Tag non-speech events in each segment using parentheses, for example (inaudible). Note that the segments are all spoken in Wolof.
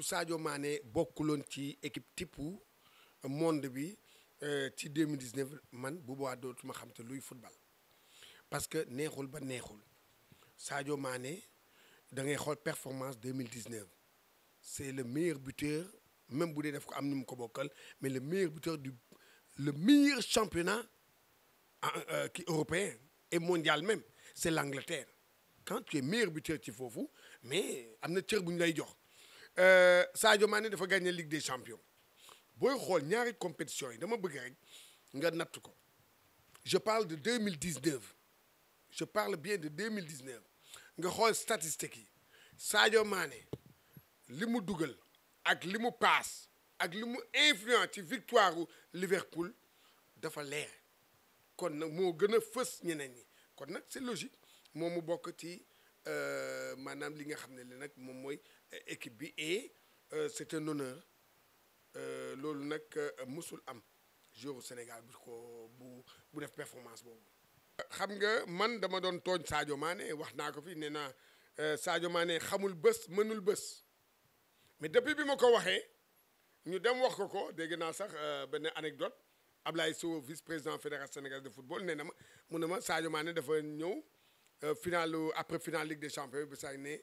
Sadio Mané bokkuloon ci équipe type monde bi euh, ci 2019 man bu ce dootuma xam té luy football parce que neexul ba neexul Sadio Mané da ngay xol performance 2019 c'est le meilleur buteur même si dee def ko am mais le meilleur buteur du le meilleur championnat euh, euh, européen et mondial même c'est l'Angleterre quand tu es meilleur buteur ci fofu mais amna na buñ euh, Sadio Mané dafa la Ligue des champions Boy xol ñaari compétition yi dama bëgg rek nga natt ko je parle de 2019. je parle bien de 2019. nga xol statistiques yi Sadio Mané li mu ak li mu ak li mu influence ci victoire Liverpool dafa leer kon nak mo gëna a ñeneen kon c'est logique moom mu bokk ci euh, maanaam li nga xam ne li nag équipe bi et euh, c'est un honneur euh, loolu nak euh, musul am joueur Sénégal bu ko bu def performance bobu xam nga man dama don togn Sadio Mané wax naa ko fi néna Sadio Mané xamul bés mënul bés mais depuis bi mako waxé ñu dem wax ko ko dégg na sax ben anecdote Ablaye Sow vice-président fédération sénégalaise de football néna na ma Sadio Mané dafa ñëw final après finale Ligue des champions bi saa né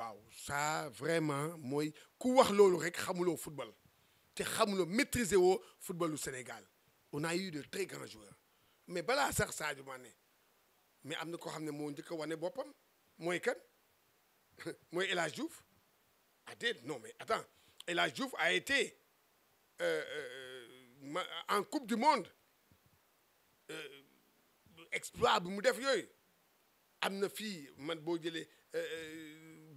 Waouh ça vraiment moi ku wax loolu rek xamuloo football te xamuloo maîtriser football au Sénégal on a eu de très grands joueurs mais ça sax Sadio Mané mais am na koo xam ne moo njëkk a wane boppam mooy kan (laughs) mooy El Hadj Diouf ah, non mais attends El a été euh, euh en coupe du monde euh, exploit bu mu def yooyu am na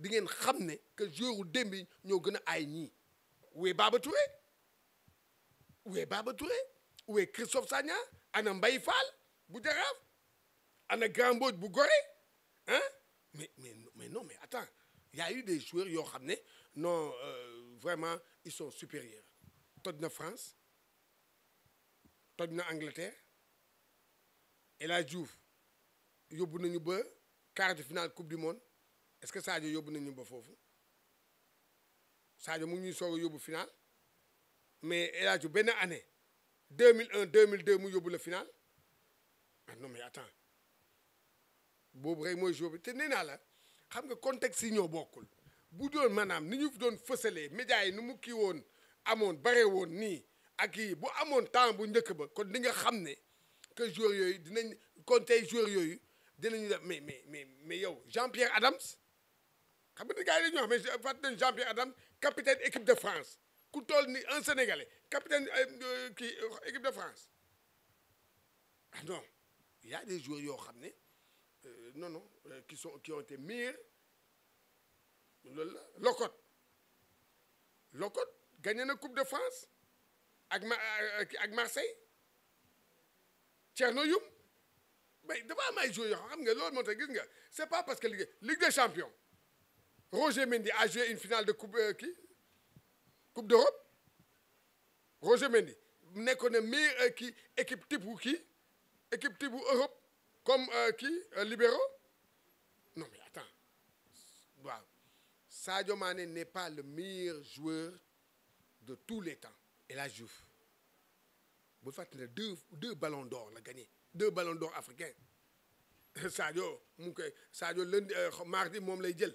di ngeen xam ne que joueur démb yi ñoo gën a aay ñii où est Baba Touré où est Touré où Christophe Sagna ana Mbaye Fall bu Jaraaf ana Grand bu Gorée hein mais mais mais non mais attends y a eu des joueurs yoo xam ne non euh, vraiment ils sont supérieurs toj na France toj na Angleterre El Ils Diouf yóbbu nañu ba quart de finale coupe du monde est-ce que Sadio Yobou final mais 2001 2002 final ah non mais attends la contexte que mais mais mais mais Jean-Pierre Adams xam nga gars ñu Adam capitaine équipe de France ku ni un Sénégalais capitaine euh, euh, euh, équipe de France ah non il y a des joueurs yoo non non qui sont qui ont été mis locote locote gagné la Coupe de France avec ak Marseille Tchernoyoum. mais devant am ay joueurs yoo xam nga loolu c'est pas parce que Ligue Ligue des champions. Roger Mendy a joué une finale de coupe euh, coupe d'Europe Roger Mendy pas le meilleur équipe type pour qui équipe type pour Europe comme euh, qui euh, libéraux non mais attends Sadio Mane n'est pas le meilleur joueur de tous les temps et a joué. Vous faites deux deux ballons d'or la gagné deux ballons d'or africains (laughs) Sadio Sadio lundi mardi il lay gagné.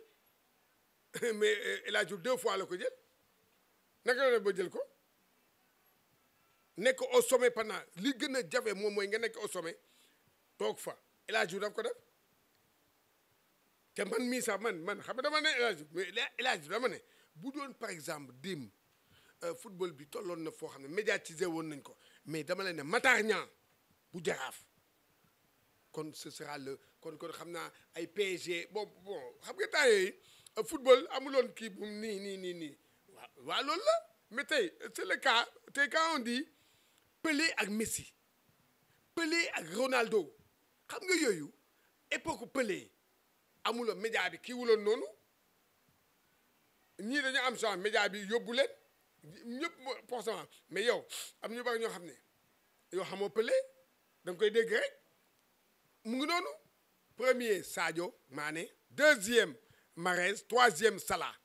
(laughs) mais euh, El a Diouf deux fois le ko jël naka la ba jël ko nekk au sommet pendant li gën a jafe moom mooy nga nekk au sommet toog fa El Hadj Diouf daf ko def te man mi sa man man xam nga dama ne El Hadj mais El a Diouf dama ne bu par exemple démb euh, football bi tolloon na foo xam ne médiatisé woon nañ ko mais dama leen ne Matar Niang bu jaraaf kon ce sera le kon kon xam naa ay PSG bon bon xam nga temps euh, football amuloon ki bu ni ni ni ni waaw la mais tey c'est le cas tey quand on dit Pelé ak Messi Pelé ak Ronaldo xam nga yoyu époque Pelé amuloon média bi ki wulon noonu ñii dañu am chance média bi yóbbu leen ñëpp forcément mais yow am ñu bari ñoo xamné yo yow Pelé da koy dégg rek mu ngi premier Sadio Mané deuxième Marez, troisième Salah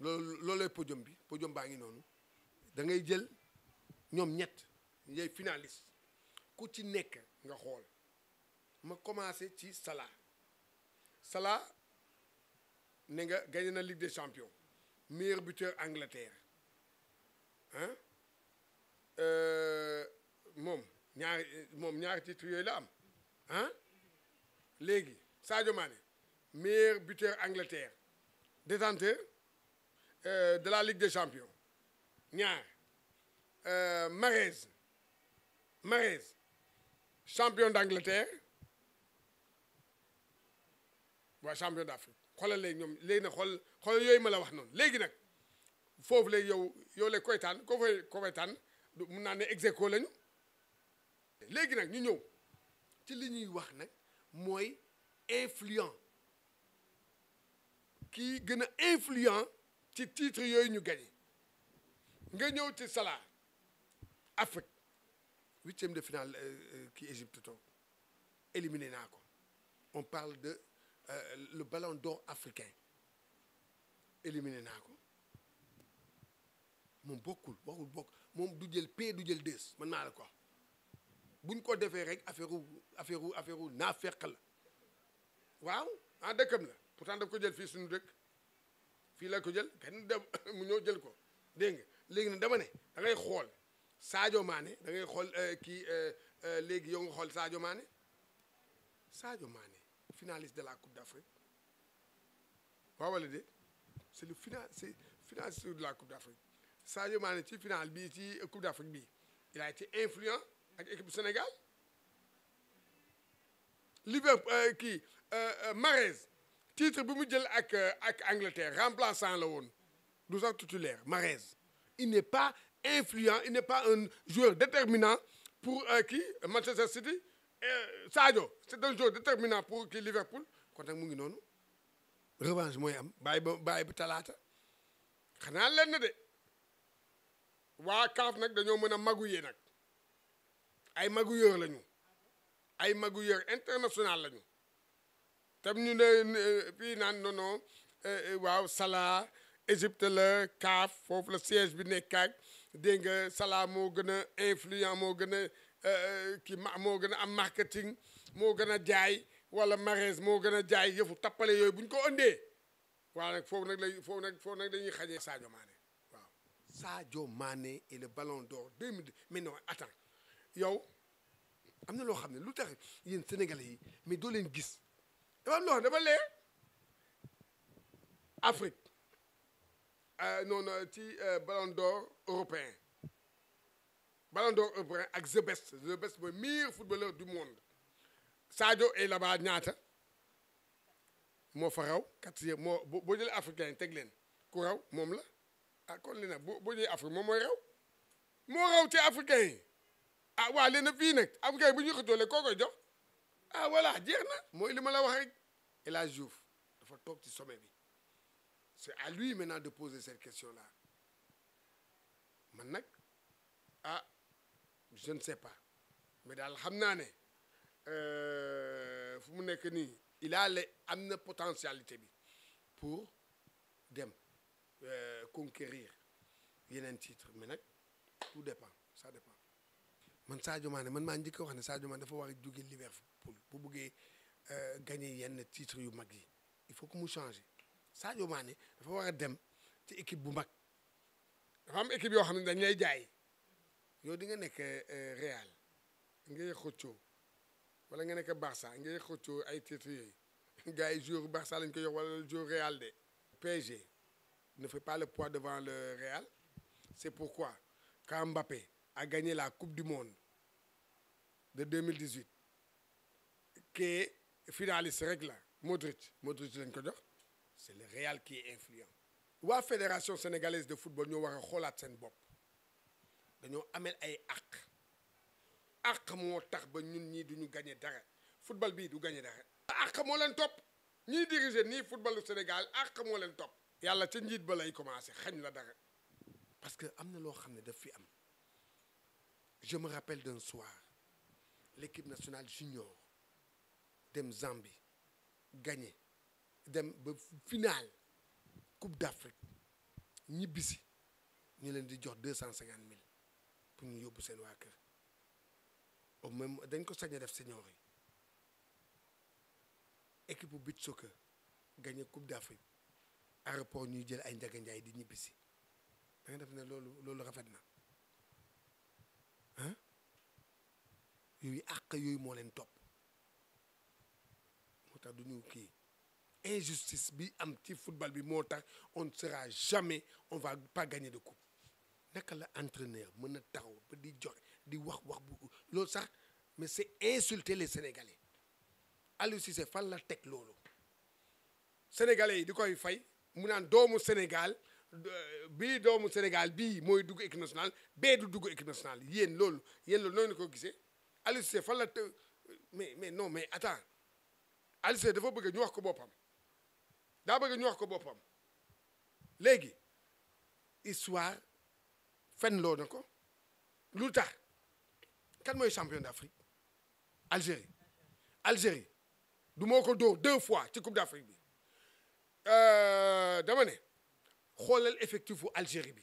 loolu loolooy podium bi podium baa ngi noonu da ngay jël ñoom ñett ñooy finaliste ku ci nekk nga xool ma commencé ci Salah Salah ne nga gagné na Ligue des champions meilleur buteur Angleterre hein, mom, euh, mom moom ñaari titre yooyu la am Hein Légui, Sadio Mané meilleur buteur Angleterre détenteur euh, de la Ligue des Champions ñaar euh, Marez, Mahrez champion d'Angleterre waa champion d'Afrique Quoi les ñoom les nag xool xoolal yooyu ma wax noonu léegi nag foofu léegi yow yow léegi koy tànn koo fay koo fay tànn mun naa lañu légui nak ñu ñëw ci li ñuy wax nak moy influent qui est influent ci titre yoy ñu gagné nga ñëw ci Afrique huitième de finale qui euh, euh, Égypte to éliminé on parle de euh, le ballon d'or africain éliminé nako mon bokul waxul P du jël la ko buñ ko rek affaire affaire pourtant daf ko jël fii suñu dëkk fii la ko jël kenn dem (coughs) mu ñëw jël ko dégg nga léegi nag dama ne da ngay xool Sadio Mané da ngay xool euh, kii euh, euh, léegi yow nga xool Sadio Mané Sadio Mané finaliste de la Coupe d'Afrique waaw wala de c'est le final c'est finaliste de la Coupe d'Afrique Sadio Mané ci final bii ci Coupe d'Afrique bii il a été influent ak équipe Sénégal Liverpool kii Mahrez titre bu mu jël ak euh, ak Angleterre remplaçant la woon du sax titulaire il n'est pas influent il n'est pas un joueur déterminant pour euh, qui, Manchester City euh, Sadio c'est un joueur déterminant pour qui Liverpool quand ak mu ngi revanche moy am bay bay bàyyi ba talaata xanaa de waa nak nag dañoo mën nak magouiller nag ay magouilleurs lañu ay magouilleurs international lañu tam ñu ne fii naan nono eh, eh, waaw salaa Égypte la CAF foofu la siège bi nekk ak dégg nga Salah moo gën a influent moo gën a eh, kii ma moo gën a am marketing moo gën a jaay wala Mahrez moo gën a jaay yëfu tappale yooyu bu ñu ko ëndee waaw nag foofu nag lay foofu nag foofu nag dañuy xajee Sadio Mané waaw Sadio Mané et le ballon d'or 2002 mais non yow am na loo xam ne lu tax yéen sénégalais yi mais doo leen gis dafa am loo xam dafa lee Afrique euh, noonu ci euh, ballon d'or européen ballon d'or européen avec the best the best le meilleur footballeur du monde Sadio est là-bas ñaata moo fa raw quatrième moo boo jëlee africain yi teg leen ku raw moom la ah kon li nag boo boo jëlee Afrique ci africain yi ah waa léegi africain bu ñuy xëccoo koo koy ah voilà jeex na mooy li ma la wax rek El Hadj Diouf dafa tok ci sommet bi c'est à lui maintenant de poser cette question là man nak ah je ne sais pas mais dal xamna naa euh fu mu nekk il a les amna potentialité bi pour dem euh, conquérir yenen titre mais nak tout dépend ça dépend man Sadio Mané man ma que wax né Sadio Mané dafa war Liverpool bu euh, gagner titres yu il faut que mu Sadio Mané dafa war dem ci équipe bu mag dafa am équipe dañ lay jaay di nga euh, Real ngay wala nga Barça ay titres (laughs) Barça lañ ko yox wala Real PSG ne fait pas le poids devant le Real c'est pourquoi quand Mbappé a gagné la Coupe du Monde de 2018 que finaliste rek Modric Modric ko c'est le Real qui est influent la fédération sénégalaise de football nous war a xoolaat seen bopp amel ay àq àq moo tax ba ñun ñii duñu gagné dara football bii du gagné dara àq moo top, ni ñiy diriger football du Sénégal àq moo leen topp yàlla ca njiit ba lay commencé xañ la dara parce que am na loo xam daf fi am je me rappelle d'un soir, l'équipe nationale junior de Zambie a gagné la finale, de la Coupe d'Afrique. Ni avons Ni 250 000 pour nous yobou sen wakke. Au même, d'un coup, ça n'y a gagné la de Bitsoke Coupe d'Afrique. A report, nous y a un diagonal et d'un bisi. Mais a fait yooyu ak yoy mo len top moo tax ki injustice bi am ci football bi moo on ne sera jamais on va pas gagner de coupe naka la entraîneur meuna a taxaw ba di jox di wax wax bu sax mais c'est insulter les sénégalais si c'est fan la tek lolu sénégalais yi di koy fay mu nan doomu Sénégal bi doomu Sénégal bi moy dugg équipe nationale bee du dugg équipe nationale yeen lolu yeen lolu noonu ko gisé Alice, c'est fallait te... mais, mais non, mais attends. allez Alice, il faut que nous soyons capables. D'abord, que nous soyons capables. Légui, histoire, fin de l'ordre, encore L'outa, quand moi, je suis champion d'Afrique, Algérie. Algérie. nous moins, on deux fois, tu coupe d'Afrique. Euh, Damane, quel est l'effectif pour Algérie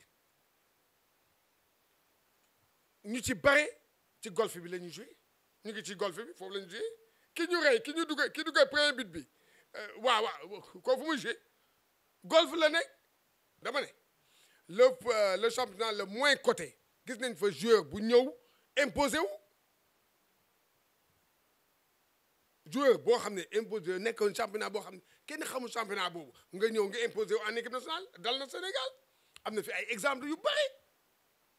Nous sommes barrés ci golf bi lañu ñu joué ñu ngi ci golf bi fofu lañu ñu joué ki ñu rey ki ñu duggee ki duggee premier but bi euh, waaw waaw ko fu muy joué golf la nekk dama ne le euh, le championnat le moins coté gis nañ fa joueur bu ñëw imposé wu joueur boo xam ne imposé nekkoon championnat boo xam ne kenn xamu championnat boobu nga ñëw nga imposé wu en équipe nationale dal na Sénégal am na fi ay exemple yu bëri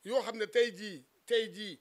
yoo xam ne tey jii tey jii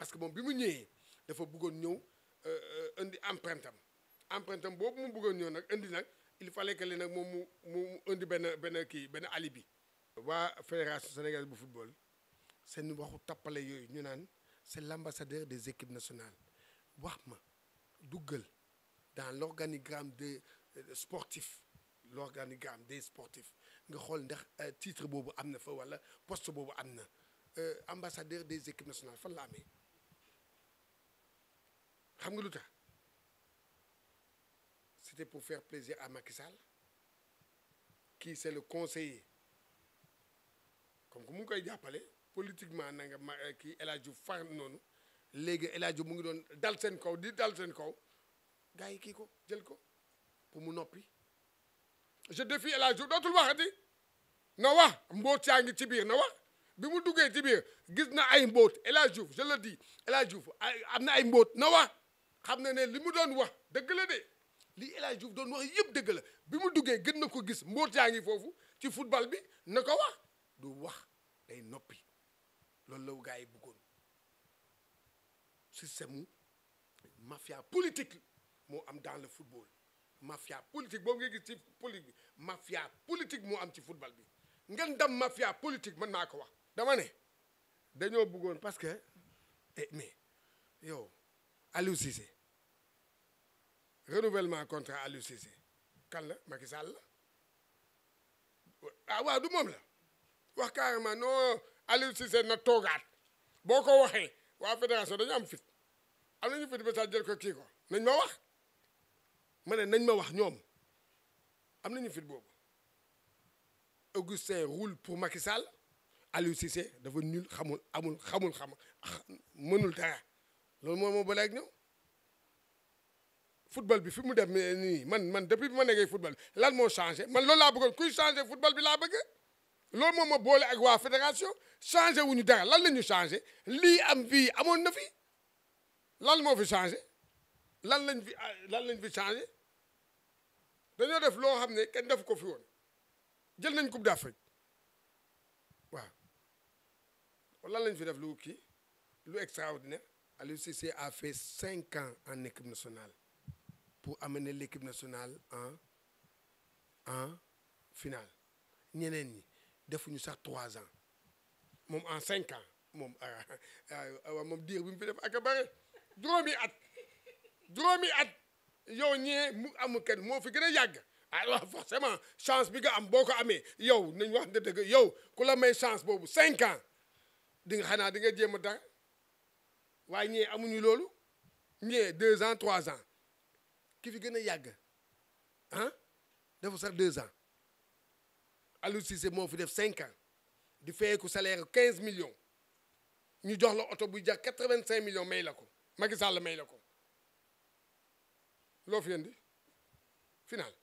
parce que moom bi mu il dafa bëggoon ñëw euh, euh, indi empreinte am empreinte am boobu mu bëggoon ñëw indi il fallait que les gens, moom mu mu indi benn benn alibi. waa fédération sénégalaise de football nous waxu tappale yooyu ñu naan c'est l'ambassadeur des équipes nationales wax ma duggal dans l'organigramme des euh, sportifs l'organigramme des sportifs nga xool ndax titre boobu am fa wala poste boobu am ambassadeur des équipes nationales fan la amee xam nga c'était pour faire plaisir à Macky Sall qui c'est le conseiller comme que mu koy politiquement na nga a euh, kii El Hadj Diouf far noonu léegi El Hadj Diouf mu ngi doon dal seen kaw di dal seen kaw gars yi kii ko ko pour mu noppi je défie El Hadj Diouf dootul waxati na wax mbóot yaa ngi ci biir na wax bi mu duggee ci biir gis na ay El je le dis El Hadj Amna am na ay mbóot na wax Kha mnenen, li mou don wak, degle de. Li Elay Jouf don wak, yip degle. Bi mou dugen, gen nou kou gis, mbote an yifofu, ti futbal bi, nèk wak, dou wak, lèy nopi. Lòl lèw gaye Bougon. Sistèm ou, mafya politik mou am dan le futbol. Mafya politik, bon mwen gis ti politik, mafya politik mou am ti futbal bi. Ngen dam mafya politik, mwen ak wak. Damane, denyo Bougon. Paske, eh, yo, à Cissé renouvellement contrat à Cissé kan là, Macky Sall ah waaw du la wax carrément non Cissé na togat. fédération dañu am fit am nañu fit ba ma Augustin roule pour Macky Sall l'UCC Cissé dafa nul ah, loolu moo ma booleeg ñoom football bi fi mu def nii man man depuis bi ma nekkee football lan moo changé man loolu laa bëggoon kuy changé football bi laa bëgg loolu moom ma boole ak waa fédération changé wu ñu dara lan la ñu changé lii am fii amoon na fi lan moo fi changé lan lañ fi ah, lan lañ fi changé dañoo def loo xam ne kenn def ko fi woon jël nañ coupe d'Afrique waaw lan lañ fi def lu kii lu extraordinaire L'UCC a fait 5 ans en équipe nationale pour amener l'équipe nationale en en finale ñeneen ñi fait trois ans Mom, en 5 ans je ah, ah, diir def at dromi at yow alors ah, forcément chance bi nga am Yo, amé. yow wax may chance bobu cinq ans di nga waaye amuñu deux ans trois ans ki fi que yag hein? sax deux ans si c'est mo fi def cinq ans di un salaire 15 millions ñu jox la millions may la ko may la ko final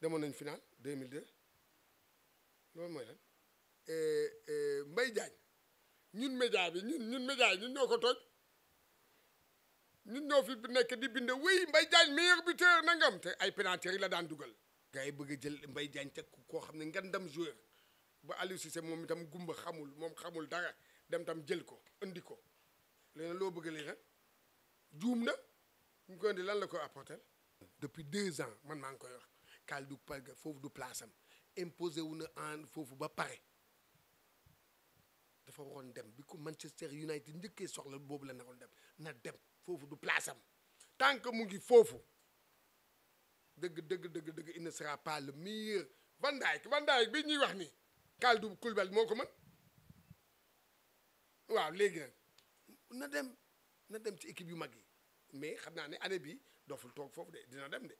demoon final 2002 loolu moy lan eh, eh, mbay Diagne ñun média bi ñun ñun ñun nit ñoo fi nekk di bind oui mbay Diagne meilleur buteur nangam te ay pénalty la daan dugal. gars yi bëgg jël mbay Diagne teg koo xam ne ngandam joueur ba Aliou Cissé moom itam gumba xamul moom xamul dara dem tam jël ko indi ko léegi loo bëgg lii rek juum na ñu ko indi lan la koy apporter. depuis deux ans man maa ngi koy wax Kalidou pag foofu du place am imposé wu na en foofu ba pare dafa waroon dem bi ko Manchester United njëkkee soxla boobu la naroon dem na dem foofu du place am tant que mu ngi foofu deug deug deug dëgg il ne sera pas le meilleur Van Dijk Van Dijk bi ñi wax ni Kalidou kulbel moko man waaw léegi nag na dem na dem ci équipe yu mag mais xamna né année bi doful tok fofu dé dina dem dé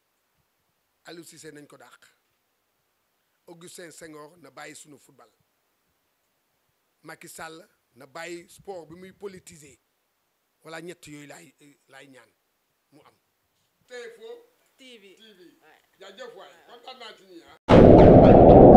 Aliou Cissé nañ ko dakh Augustin Senghor na bayyi suñu football Macky Sall na bayyi sport bi muy politiser wala ñett yooyu laay laay ñaan mu am. TFO TV TV jaajëf waay kontaan naa ci ñi